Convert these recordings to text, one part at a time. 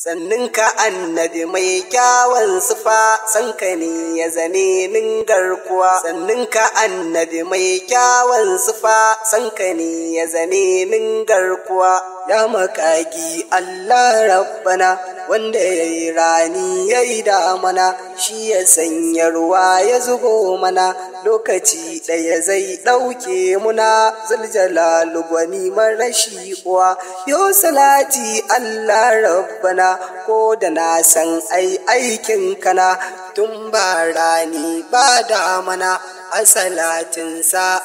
sannin ka annabi mai kyawun sufa sanka ne ya zane nin garkuwa sannin ka annabi mai kyawun sufa sanka ne ya zane nin garkuwa ya makagi Allah rabbana wanda ya yi rani ya yi damana shi ya sanya ruwa ya zubo mana lokaci ɗaya zai ɗauke muna zuljalalu mara marashi kuwa. yo salati Allah rabbana ko da na san ai aikin kana tun ba rani ba da mana. a halin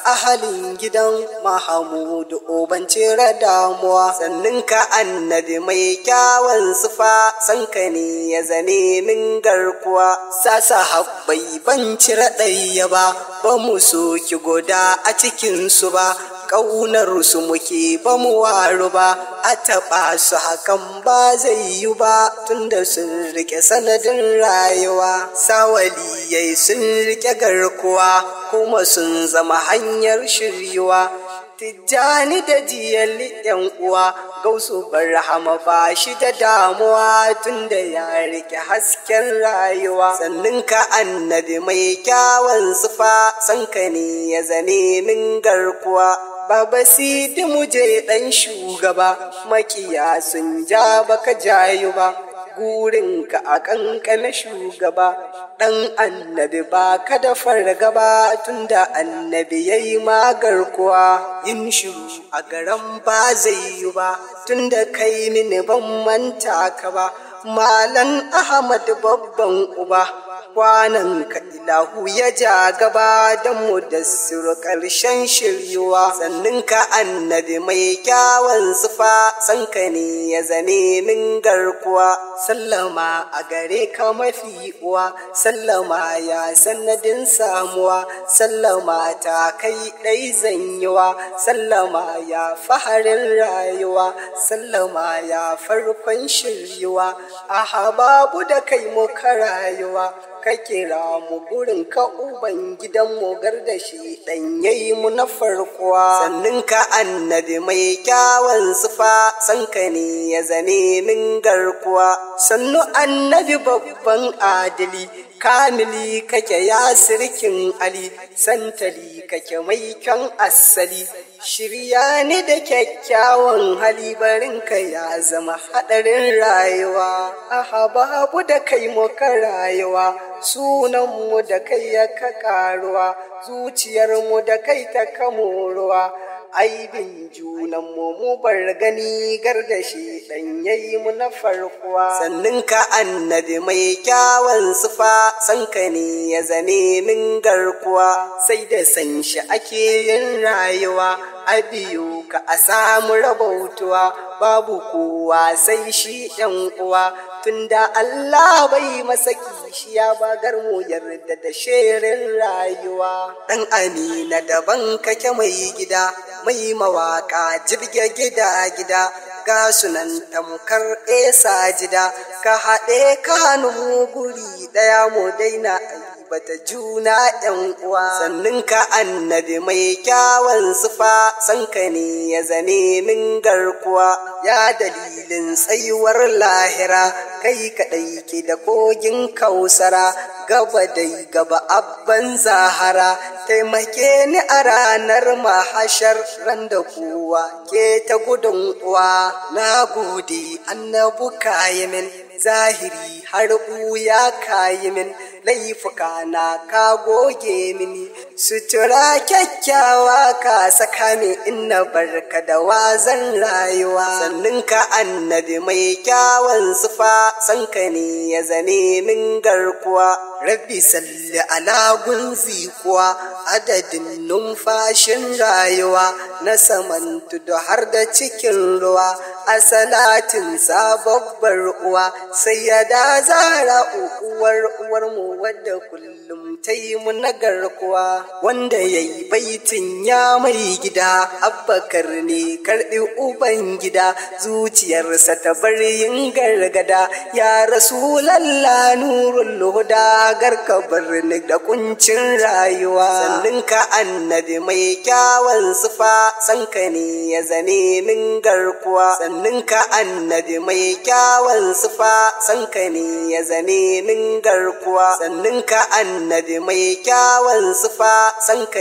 ahalin gidan mahamudu oban cire damuwa sannin ka annabi mai kyawun sufa san ka ne ya zane min garkuwa sasa habbai ban cire ɗaya ba ba mu soki guda a cikinsu ba ƙaunarsu su muke ba mu waru ba a taɓa su hakan ba zai yi ba tunda sun rike sanadin rayuwa sawaliyai sun rike garkuwa kuma sun zama hanyar shiryuwa tijjani da jiyalli yan uwa gausu barhama ba shi da damuwa tunda ya rike hasken rayuwa sannin ka annabi mai kyawun sufa sanka ne ya zane min garkuwa Baba Sidi muje ɗan shugaba, makiya sun ja baka jayu ba, Gurin ka a kankana shugaba, ɗan annabi ba ka da fargaba tunda annabi yayi yi magarkuwa yin shiru a garan ba zai yi ba, tunda kai mini ban manta ka ba, Malam Ahmad babban uba. kwanan ka ilahu ya ja gaba don mu da siru ƙarshen shiryuwa sannin ka annabi mai kyawun sufa san ka ne ya zane min garkuwa sallama a gare ka mafi uwa sallama ya sanadin samuwa sallama ta kai ɗai zanyiwa sallama ya faharin rayuwa sallama ya farkon shiryuwa a hababu da kai muka rayuwa ka kira mu gurin ka uban gidan mu gardashi dan yayi mu na farkuwa sannin ka annabi mai kyawun sufa san ka ne ya zane min garkuwa sannu annabi babban adili kamili kake ya sirkin ali santali kake mai kyan asali shirya ni da kyakkyawan hali barinka ya zama hadarin rayuwa A Hababu da kai muka rayuwa sunanmu da kai ya ka karuwa zuciyarmu da kai ta kamoruwa aibin junan mu bar gani shi dan yayi mu na farkuwa sannin ka annabi mai kyawan sufa san ka ne ya zane min garkuwa sai da san shi ake yin rayuwa a ka a samu rabautuwa babu kowa sai shi ɗan uwa tunda Allah bai masa kishiya ba garmu yarda da shirin rayuwa dan amina daban kake mai gida mai mawaka jirge gida gida ga sunan tamkar esa jida ka haɗe ka hannu guri ɗaya mu daina tabbata juna yan uwa sannin ka annabi mai kyawan sufa san ka ne ya zane min garkuwa ya dalilin tsayuwar lahira kai kaɗai ke da kogin kausara gaba dai gaba abban zahara taimake ni a ranar mahashar ran da kowa ke ta gudun uwa na gode annabu kayimin zahiri har ya kayimin laifuka na ka goge mini sutura kyakkyawa ka saka min inna barka da wazan rayuwa sannin ka annabi mai kyawan sufa san ka ne ya zame min garkuwa rabbi salli ala gunzi kuwa adadin numfashin rayuwa na samantu da har da cikin ruwa a salatin sababbar uwa sai ya da zara uwar mu wadda kullum ta yi mu nagarkuwa wanda ya yi baitin ya mai gida abbakar ne karɗi uban gida zuciyarsa ta bar yin gargada ya rasu lalla nurin huda garka birni da kuncin rayuwa Ninka annabi mai kyawan sufa sanka ne ya zane min garkuwa hannunka annabi mai kyawun sufa sanka ne ya zane nin garkuwa sanninka annabi mai kyawun sufa sanka